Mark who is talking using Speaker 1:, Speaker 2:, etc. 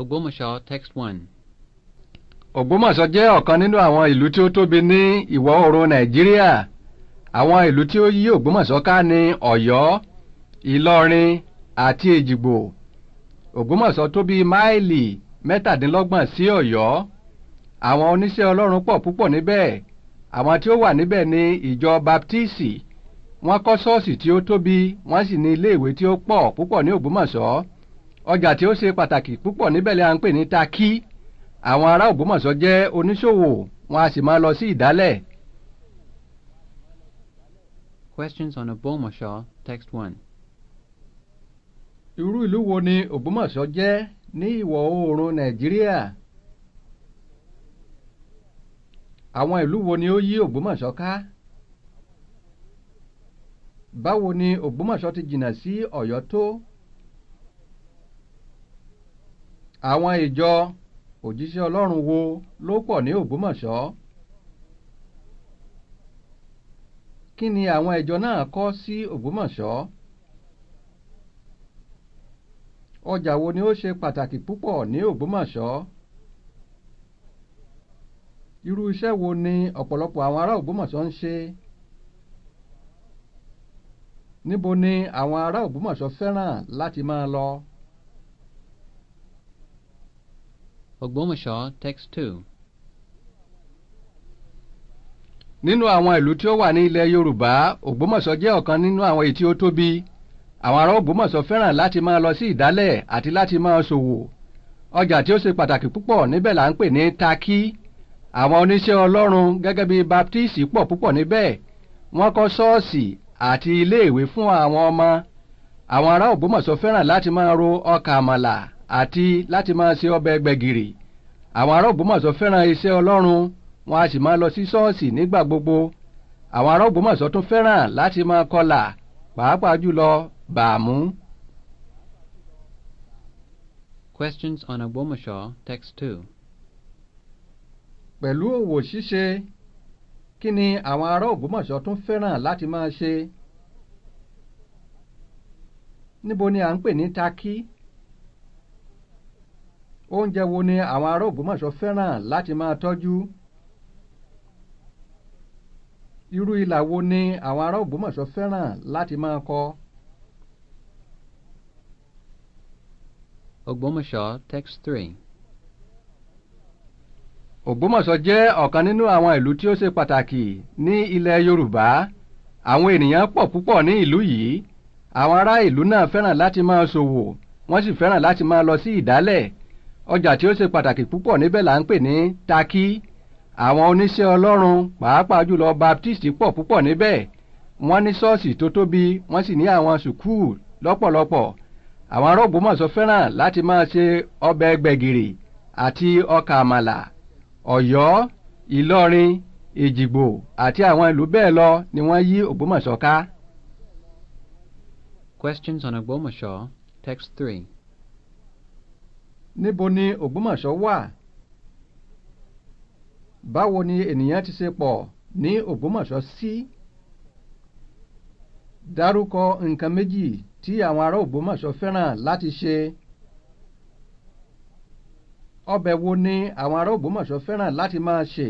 Speaker 1: Ògbómọ̀ṣọ́ text one.
Speaker 2: Ògbómọ̀ṣọ́ jẹ́ ọ̀kan nínú àwọn ìlú tí ó tóbi ní ìwọ̀ oòrùn Nàìjíríà àwọn ìlú tí ó yí Ògbómọ̀ṣọ́ ká ní Ọ̀yọ́ Ìlọrin àti Èjìgbò Ògbómọ̀ṣọ́ tó bí máìlì mẹ́tàdínlọ́gbọ̀n sí Ọ̀yọ́ àwọn oníṣẹ́ Ọlọ́run pọ̀ púpọ̀ níbẹ̀ àwọn tí ó wà níbẹ̀ ní ìjọ Baptisti wọ́n kọ́ ṣọ́ọ̀ṣì tí ó tóbi wọ́n sì ní iléèwé tí ó pọ̀ púpọ̀ ní Ògbómọ̀ṣọ́ ọjà tí ó ṣe pàtàkì púpọ̀ níbẹ̀ lè à ń pè ní Takí àwọn ará Ògbómọ̀ṣọ́ jẹ́ oníṣòwò wọn a sì máa lọ sí ìdálẹ̀.
Speaker 1: Questions on Ogbomoso,
Speaker 2: text one. Irú ìlú wo ni Ògbómọ̀ṣọ́ jẹ́ ní ìwọ̀ oòrùn Nàìjíríà? Àwọn ìlú wo ni ó yí Ògbómọ̀ṣọ́ ká? Báwo ni Ògbómọ̀ṣọ́ ti jìnnà sí Ọ̀yọ́ tó? àwọn ìjọ òjíṣẹ́ ọlọ́run wo ló pọ̀ ní ògbómọ̀ṣọ́ kí ni àwọn ìjọ náà kọ́ sí ògbómọ̀ṣọ́ ọjà wo ni ó ṣe pàtàkì púpọ̀ ní ògbómọ̀ṣọ́ irú iṣẹ́ wo ni ọ̀pọ̀lọpọ̀ àwọn ará ògbómọ̀ṣọ́ ń ṣe níbo ni àwọn ará ògbómọ̀ṣọ́ fẹ́ràn láti máa lọ. Ogbomoso text two. nínú àwọn ìlú tí ó wà ní ilẹ̀ Yorùbá Ògbómọ̀ṣọ́ jẹ́ ọ̀kan nínú àwọn èyí tí ó tóbi àwọn ará Ògbómọ̀ṣọ́ fẹ́ràn láti máa lọ sí ìdálẹ̀ àti láti máa ṣòwò ọjà tí ó ṣe pàtàkì púpọ̀ níbẹ̀ là ń pè ní Takí àwọn oníṣẹ́ Ọlọ́run gẹ́gẹ́ bí Baptist pọ̀ púpọ̀ níbẹ̀ wọ́n kọ́ ṣọ́ọ̀ṣì àti iléèwé fún àwọn ọmọ àwọn ará Ògbómọ̀ṣọ́ fẹ́ràn láti máa ro ọkà àmàlà àti láti máa ṣe ọbẹ̀ gbẹ̀gìrì àwọn ará fẹ́ràn iṣẹ́ Ọlọ́run wọn a sì máa lọ sí ṣọ́ọ̀ṣì nígbà gbogbo àwọn ará tún fẹ́ràn láti máa kọlà pàápàá jùlọ bàámú. Questions on Ogbomoso, text two. Pẹ̀lú òwò ṣíṣe, kí ni àwọn ará Ògbómọ̀ṣọ́ tún fẹ́ràn láti máa ṣe? Níbo ni à ń pè ní takí? Oúnjẹ wo ni àwọn ará Ògbómọ̀ṣọ́ fẹ́ràn láti máa tọ́jú? Irú ilà wo ni àwọn ará Ògbómọ̀ṣọ́ fẹ́ràn láti máa kọ?
Speaker 1: Ògbómọ̀ṣọ́ text three.
Speaker 2: Ògbómọ̀ṣọ́ jẹ́ ọ̀kan nínú àwọn ìlú tí ó ṣe pàtàkì ní ilẹ̀ Yorùbá. Àwọn ènìyàn pọ̀ púpọ̀ ní ìlú yìí. Àwọn ará ìlú náà fẹ́ràn láti máa ṣòwò, wọ́n sì fẹ́ràn láti máa lọ sí ìdálẹ̀ ọjà tí ó ṣe pàtàkì púpọ̀ níbẹ̀ là ń pè ní Takí àwọn oníṣẹ́ ọlọ́run pàápàá jùlọ Baptist pọ̀ púpọ̀ níbẹ̀ wọ́n ní ṣọ́ọ̀ṣì tó tóbi wọ́n sì ní àwọn sùkúù lọ́pọ̀lọpọ̀ àwọn ará Ògbómọ̀ṣọ́ fẹ́ràn láti máa ṣe ọbẹ̀ gbẹ̀gìrì àti ọkà àmàlà Ọ̀yọ́ Ìlọrin Èjìgbò àti àwọn ìlú bẹ́ẹ̀ lọ ni wọ́n yí Ògbómọ̀ṣọ́ ká.
Speaker 1: Questions on Ogbomoso, text three.
Speaker 2: Níbo ni Ògbómọ̀ṣọ́ wà? Báwo ni ènìyàn ti ṣe pọ̀ ní Ògbómọ̀ṣọ́ sí? Dárúkọ nǹkan méjì tí àwọn ará Ògbómọ̀ṣọ́ fẹ́ràn láti ṣe. Ọbẹ̀ wo ni àwọn ará Ògbómọ̀ṣọ́ fẹ́ràn láti máa sè?